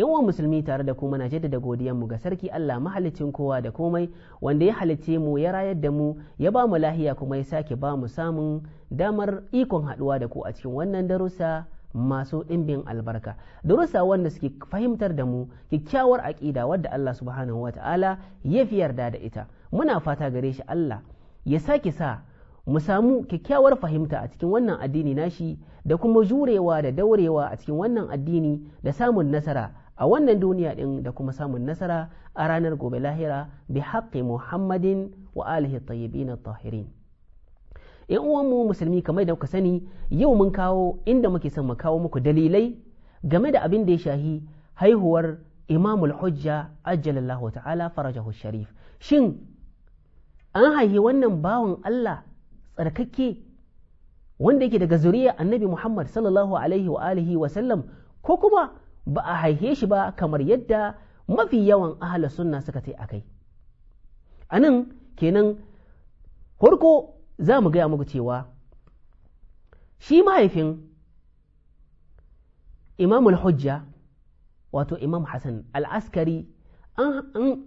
wa musulmi tare da kuma na jaddada mu ga sarki Allah mahalicin kowa da komai wanda ya halicce mu ya rayar da mu ya ba mu lahiya kuma ya sake ba mu samun damar ikon haɗuwa da ku a cikin wannan darussa masu ɗimbin albarka darussa wanda suke fahimtar da mu kyakkyawar aƙida wadda Allah subhanahu ta'ala ya fi yarda da ita muna fata gare shi Allah ya sake sa mu samu kyakkyawar fahimta a cikin wannan addini nashi da kuma jurewa da daurewa a cikin wannan addini da samun nasara a wannan duniya ɗin da kuma samun nasara a ranar gobe lahira bi haƙƙi muhammadin wa alihi tayyibin tahirin yan uwanmu musulmi kamar da kuka sani yau mun kawo inda muke son mu kawo muku dalilai game da abin da ya shahi haihuwar imamul hujja ajjalallahu ta'ala farajahu sharif shin an haihi wannan bawan Allah tsarkake wanda yake daga zuriya annabi Muhammad sallallahu alaihi wa alihi wa sallam ko kuma ba a haihe shi ba kamar yadda mafi yawan ahala sunna suka ce a kai a nan kenan farko za mu gaya muku cewa shi mahaifin imamul hujja wato imam hassan al'askari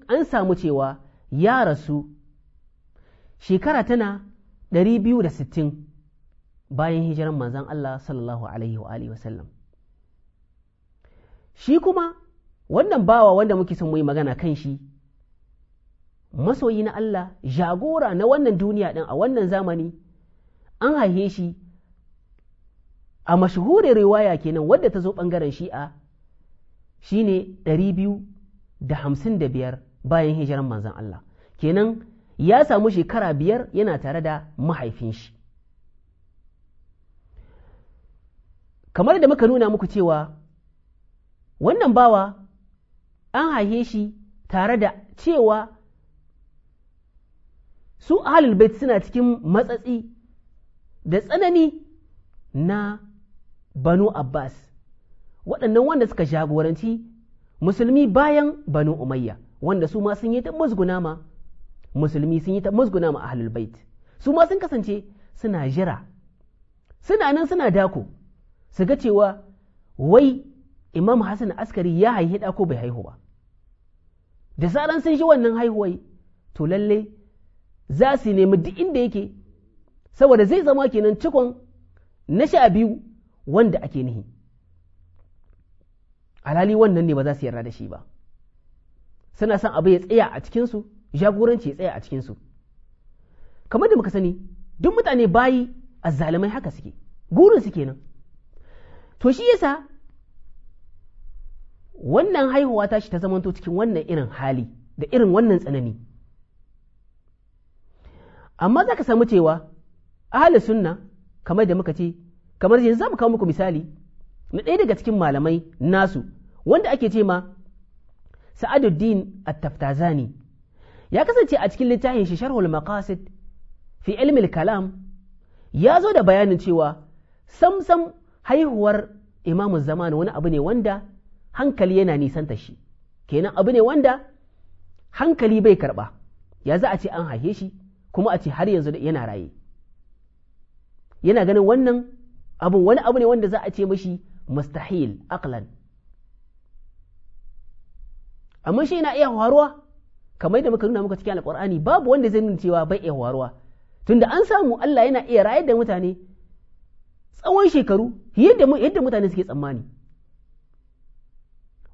an samu cewa ya rasu shekara tana 260 bayan hijiran manzan Allah sallallahu alaihi wa sallam shi kuma wannan bawa wanda muke son mu yi magana kan shi masoyi na Allah jagora na wannan duniya ɗin a wannan zamani an haihe shi a mashahurin riwaya kenan wadda ta zo ɓangaren shi'a shi ne biyar bayan hijiran manzan Allah kenan ya samu shekara biyar yana tare da mahaifin shi kamar da muka nuna muku cewa wannan bawa an haife shi tare da cewa su ahalul bait suna cikin matsatsi da tsanani na banu abbas waɗannan wanda suka jagoranci musulmi bayan banu umayya wanda su ma sun yi ta musguna ma musulmi sun yi ta musguna ma ahlul bait su ma sun kasance suna jira suna nan suna dako su ga cewa wai imam hassan askari ya haihi ɗa ko bai haihu ba da zaran sun shi wannan haihuwai to lalle za su nemi duk inda yake saboda zai zama kenan cikon na sha biyu wanda ake nihi alhali wannan ne ba za su yarda da shi ba suna son abu ya tsaya a cikinsu jagoranci ya tsaya a cikinsu kamar da muka sani duk mutane bayi azzalumai haka suke gurin su kenan to shi yasa wannan haihuwa ta shi ta zamanto cikin wannan irin hali da irin wannan tsanani amma za ka samu cewa ahalin sunna kamar da muka ce kamar yanzu za mu kawo muku misali na ɗaya daga cikin malamai nasu wanda ake ce ma sa'aduddin at-taftazani ya kasance a cikin littafin shi sharhul maqasid fi ilmi kalam ya zo da bayanin cewa samsam haihuwar imamu zamani wani abu ne wanda hankali yana nisanta shi kenan abu ne wanda hankali bai karɓa ya za a ce an haife shi kuma a ce har yanzu da yana raye yana ganin wannan abu wani abu ne wanda za a ce mashi mustahil aqlan amma shi yana iya faruwa kamar da muka nuna muka cikin alqur'ani babu wanda zai nuna cewa bai iya faruwa tunda an samu Allah yana iya rayar da mutane tsawon shekaru yadda yadda mutane suke tsammani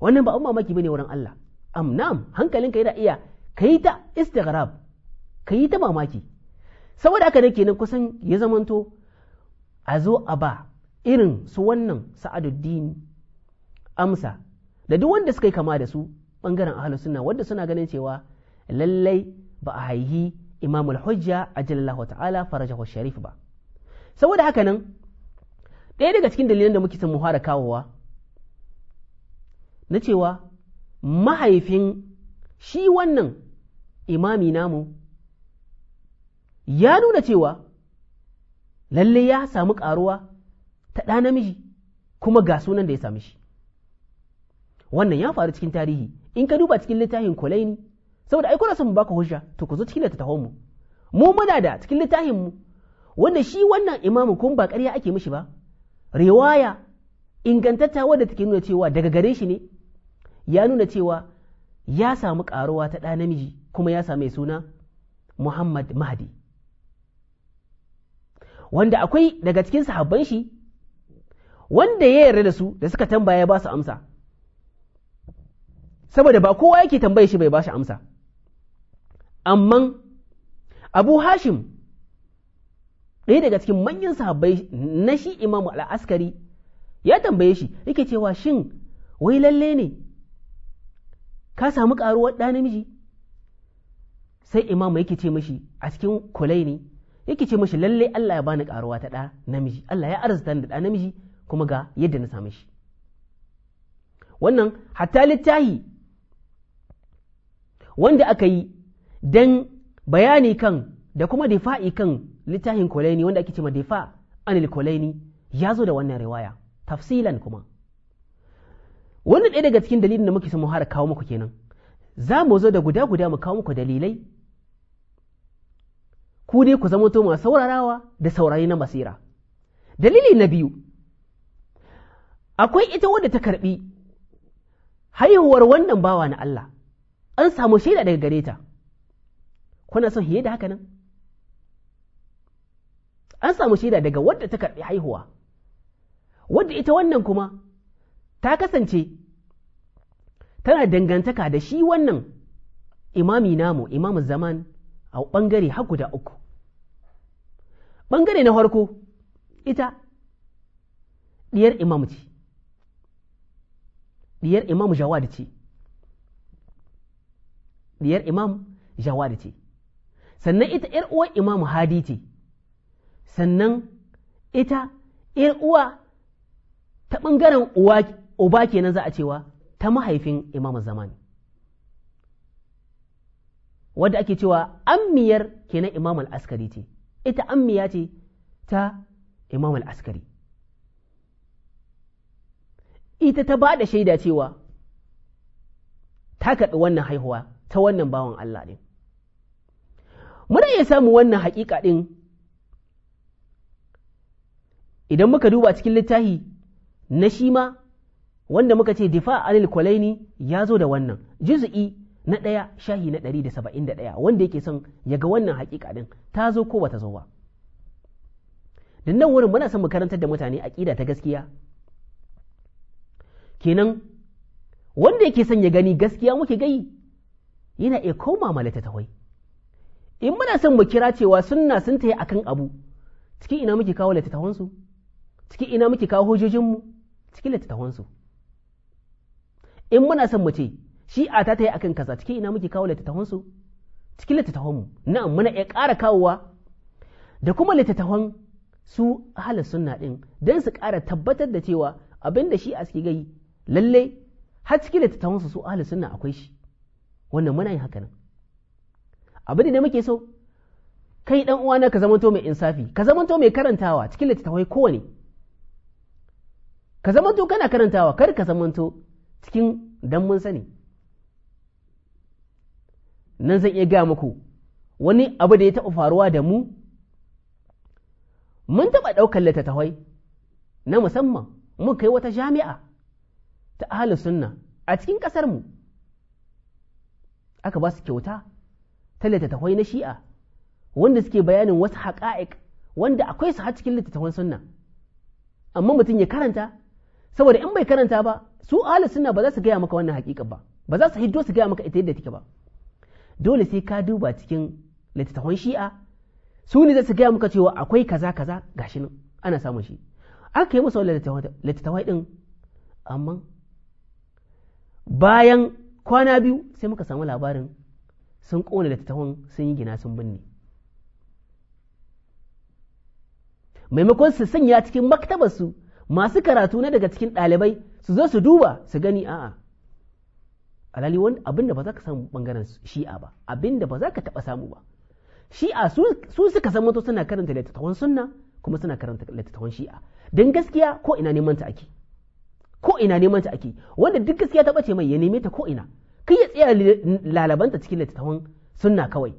wannan ba abin mamaki bane wurin Allah amnam hankalinka yana iya kayi ta istighrab kayi ta mamaki saboda haka nake kenan kusan ya zamanto a zo a ba irin su wannan sa'aduddin amsa da duk wanda suka yi kama da su bangaren ahlus sunna wanda suna ganin cewa lallai ba a haihi imamul hujja ajallahu ta'ala farajahu sharif ba saboda haka nan ɗaya daga cikin dalilan da muke son mu fara kawowa na cewa mahaifin shi wannan imami namu ya nuna cewa lalle ya samu karuwa ta ɗa namiji kuma ga sunan da ya sami shi wannan ya faru cikin tarihi in ka duba cikin littafin kulaini saboda ai kuna son baka hujja to ku zo cikin littafin mu mu muna da cikin littafin mu wanda shi wannan imamu kun ba ƙarya ake mishi ba riwaya ingantatta wadda take nuna cewa daga gare shi ne ya nuna cewa ya samu ƙaruwa ta ɗa namiji kuma ya sami suna Muhammad Mahdi wanda akwai daga cikin sahabban shi wanda ya yarda da su da suka tambaya ba su amsa saboda ba kowa yake tambaye shi bai ba shi amsa amma abu hashim ɗaya daga cikin manyan sahabbai na shi imamu al'askari ya tambaye shi yake cewa shin wai lalle ne ka samu karuwar ɗa namiji sai imamu yake ce mashi a cikin kulai ne yake ce mashi lallai Allah ya bani karuwa ta ɗa namiji Allah ya arzuta da ɗa namiji kuma ga yadda na same shi wannan hatta littahi wanda aka yi don bayani kan da kuma difa'i kan littafin kulaini wanda ake ce ma difa anil kulaini ya zo da wannan riwaya tafsilan kuma wannan ɗaya daga cikin dalilin da muke samu har kawo muku kenan za mu zo da guda guda mu kawo muku dalilai ku dai ku zama masu saurarawa da saurari na basira dalili na biyu akwai ita wadda ta karbi haihuwar wannan bawa na Allah an samu shaida daga gare ta kuna son hiye da haka nan an samu shaida daga wadda ta karbi haihuwa wadda ita wannan kuma ta kasance tana dangantaka da shi wannan imami namu imamu zaman a ɓangare har guda uku ɓangare na farko ita ɗiyar imam ce ɗiyar imamu jawadi ce ɗiyar imam jawadi ce sannan ita ‘yar uwar imam hadi ce sannan ita ‘yar uwa ta ɓangaren uwa uba kenan za a cewa ta mahaifin imam zamani wadda ake cewa ammiyar kenan imam askari ce ita ammiya ce ta imam askari ita ta bada da shaida cewa ta kaɗi wannan haihuwa ta wannan bawan Allah ne muna iya samu wannan haƙiƙa ɗin idan muka duba cikin littafi na shi ma wanda muka ce difa alil kwalaini ya zo da wannan juz'i na ɗaya shahi na ɗari da saba'in da ɗaya wanda yake son ya ga wannan haƙiƙa ɗin ta zo ko bata zo ba da nan wurin muna son mu karantar da mutane aƙida ta gaskiya kenan wanda yake son ya gani gaskiya muke gai yana iya koma ma in muna son mu kira cewa sunna sun tayi akan abu cikin ina muke kawo littattafansu cikin ina muke kawo hujjojinmu cikin littattafansu in muna son mace shi a ta yi akan kaza cikin ina muke kawo littattafan su cikin littattafan mu na'am muna iya ƙara kawowa da kuma littattafan su ahlus sunna din Don su ƙara tabbatar da cewa abin da a suke gai lalle har cikin littattafan su su ahlus sunna akwai shi wannan muna yin haka nan abin da muke so kai dan uwana ka zamanto mai insafi ka zamanto mai karantawa cikin littattafai kowane ka zamanto kana karantawa kar ka zamanto cikin dan mun sani nan zan iya gaya muku wani abu da ya taɓa faruwa da mu mun taɓa ɗaukar littattafai na musamman mun kai wata jami'a ta ahalin sunna a cikin ƙasarmu aka ba su kyauta ta littattafai na shi'a wanda suke bayanin wasu haƙa'iƙ wanda akwai su har cikin littattafan sunna amma mutum ya karanta saboda in bai karanta ba su ahli sunna ba za su gaya maka wannan hakika ba ba za su hiddo su gaya maka ita yadda take ba dole sai ka duba cikin littattafan shi'a su ne za su gaya maka cewa akwai kaza kaza gashi nan ana samun shi aka yi musu wannan littattafai din amma bayan kwana biyu sai muka samu labarin sun kone littattafan sun yi gina sun binne maimakon su sanya cikin maktabarsu masu karatu na daga cikin ɗalibai su zo su duba su gani a'a alali wani abin da ba za ka samu bangaren shi'a ba abin da ba za ka taɓa samu ba shi'a su suka san mato suna karanta littattafan sunna kuma suna karanta littattafan shi'a don gaskiya ko ina neman ta ake ko ina neman ta ake wanda duk gaskiya ta bace mai ya neme ta ko ina kai ya tsaya lalabanta cikin littattafan sunna kawai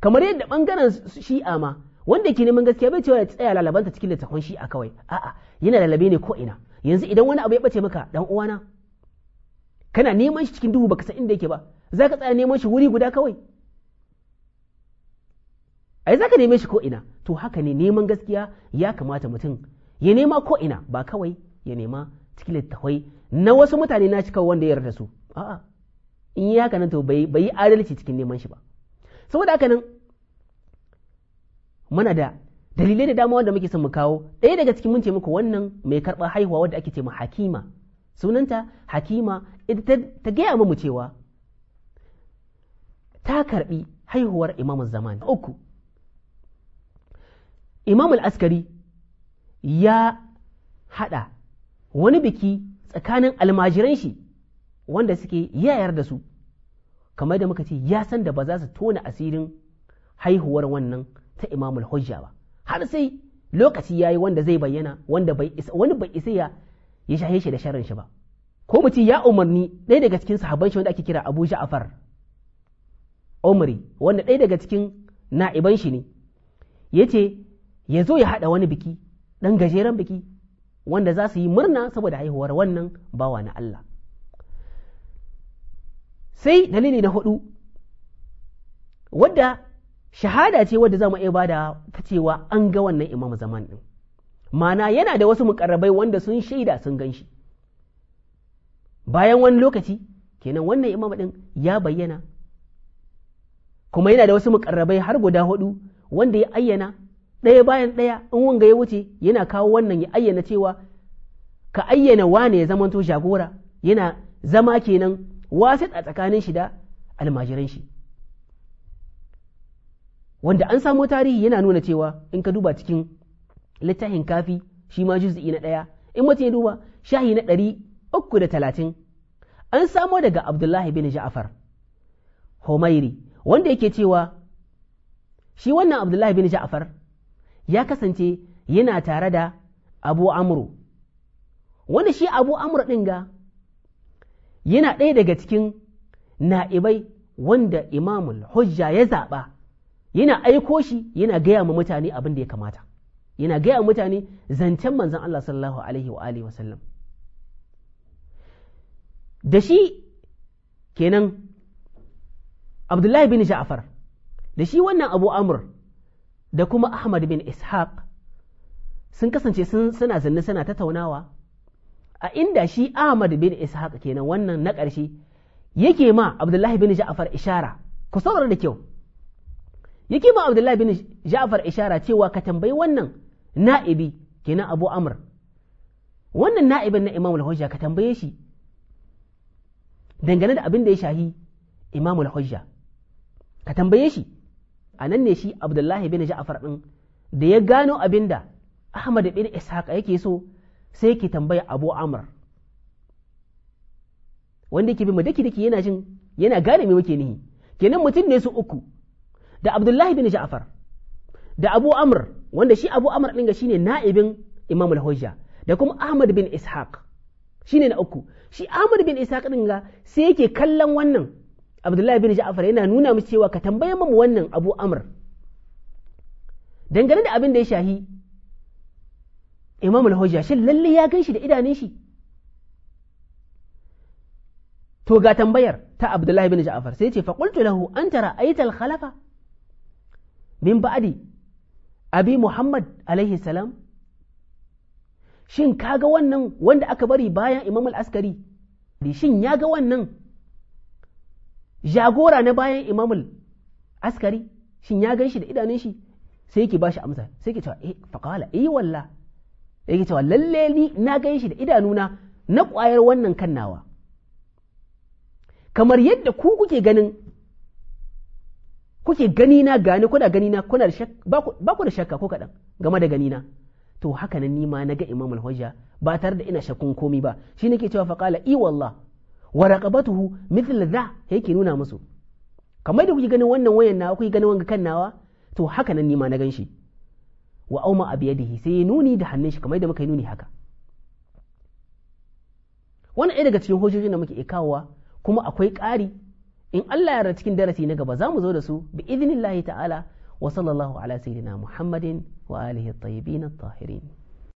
kamar yadda bangaren shi'a ma wanda yake neman gaskiya bai cewa ya tsaya lalabanta cikin littafin shi a kawai a'a yana lalabe ne ko ina yanzu idan wani abu ya bace maka dan uwana kana neman shi cikin duhu baka san inda yake ba zaka tsaya neman shi wuri guda kawai ai zaka neme shi ko ina to haka ne neman gaskiya ya kamata mutum ya nema ko ina ba kawai ya nema cikin littafai na wasu mutane na cika wanda ya yarda su a'a in yi haka nan to bai yi adalci cikin neman shi ba saboda haka nan muna da dalilai da dama wanda muke son mu kawo ɗaya daga cikin mun ce muku wannan mai karɓar haihuwa wadda ake ce ma hakima sunanta hakima ita ta gaya mu cewa ta karɓi haihuwar imam zamani uku imam askari ya haɗa wani biki tsakanin almajiran shi wanda suke yayar da su kamar da muka ce ya san da ba za su tona asirin haihuwar wannan ta imamul hujja ba har sai lokaci yayi wanda zai bayyana wanda bai isa wani bai isa ya ya shahe shi da sharrin shi ba ko mu ce ya umarni ɗaya daga cikin sahabban shi wanda ake kira Abu Ja'far Umri wanda ɗaya daga cikin na'iban shi ne yace ya zo ya haɗa wani biki ɗan gajeren biki wanda za su yi murna saboda haihuwar wannan bawa na Allah sai dalili na hudu wadda shahada ce wadda za mu iya bada ta cewa an ga wannan imam zaman ɗin mana yana da wasu mukarrabai wanda sun shaida sun gan shi bayan wani lokaci kenan wannan imam ɗin ya bayyana kuma yana da wasu mukarrabai har guda hudu wanda ya ayyana ɗaya bayan ɗaya in wanga ya wuce yana kawo wannan ya ayyana cewa ka ayyana wane ya zamanto jagora yana zama kenan wasit a tsakanin shi da almajiran shi wanda an samo tarihi yana nuna cewa in ka duba cikin littafin kafi shi ma juz'i na ɗaya in mutum ya duba shahi na ɗari uku da talatin an samo daga abdullahi bin ja'far homairi wanda yake cewa shi wannan abdullahi bin ja'far ya kasance yana tare da abu amru wanda shi abu amru ɗin ga yana ɗaya daga cikin na'ibai wanda imamul hujja ya zaɓa yana aiko shi yana gaya ma mutane abin da ya kamata yana gaya wa mutane zancen manzon Allah sallallahu alaihi wa alihi wasallam da shi kenan Abdullahi bin Ja'far da shi wannan Abu Amr da kuma Ahmad bin Ishaq sun kasance suna zanne suna tattaunawa a inda shi Ahmad bin Ishaq kenan wannan na ƙarshe yake ma Abdullahi bin Ja'far ishara ku saurara da kyau yake ma Abdullahi bin Ja'far ishara cewa ka tambayi wannan na'ibi kenan Abu Amr wannan na'ibin na Imam hujja ka tambaye shi dangane da abin da ya shahi Imam hujja ka tambaye shi a nan ne shi Abdullahi bin Ja'far din da ya gano abin da Ahmad bin Ishaq yake so sai yake tambaya Abu Amr wanda yake bi madaki dake yana jin yana gane me muke nihi kenan mutum ne su uku da Abdullahi bin Ja'far da Abu Amr wanda shi Abu Amr ɗin ga shine na'ibin Imam al-Hujja da kuma Ahmad bin Ishaq shine na uku shi Ahmad bin Ishaq ɗin ga sai yake kallon wannan Abdullahi bin Ja'far yana nuna mu cewa ka tambaye mu wannan Abu Amr dangane da abin da ya shahi Imam al-Hujja shin lalle ya gan shi da idanun shi to ga tambayar ta Abdullahi bin Ja'far sai ce fa qultu lahu anta ra'aita al-khalafa min ba'adi abi Muhammad alaihi salam shin kaga wannan wanda aka bari bayan Imam al-Askari shin ya ga wannan jagora na bayan Imam al-Askari shin ya gan shi da idanun shi sai yake ba shi amsa sai yake cewa eh faqala eh walla yake cewa lalle ni na gan shi da idanuna na kwayar wannan kan nawa kamar yadda ku kuke ganin kuke gani na gani kuna gani na kuna da ba ku da shakka ko kaɗan game da gani na to haka nan nima na ga imam al-hujja ba tare da ina shakkun komi ba shi nake cewa faqala i wallah wa raqabatuhu mithl dha yake nuna musu kamar da kuke ganin wannan wayan nawa kuke ganin wanga kan nawa to haka nan nima na ganshi wa auma abiyadihi sai ya nuni da hannun shi kamar da muka yi nuni haka wannan ɗaya daga cikin hujjojin da muke kawowa kuma akwai ƙari in Allah ya cikin darasi na gaba za mu zo da su bi idinillahi ta'ala wa sallallahu ala sayyidina muhammadin wa alihi at-tayyibin tahirin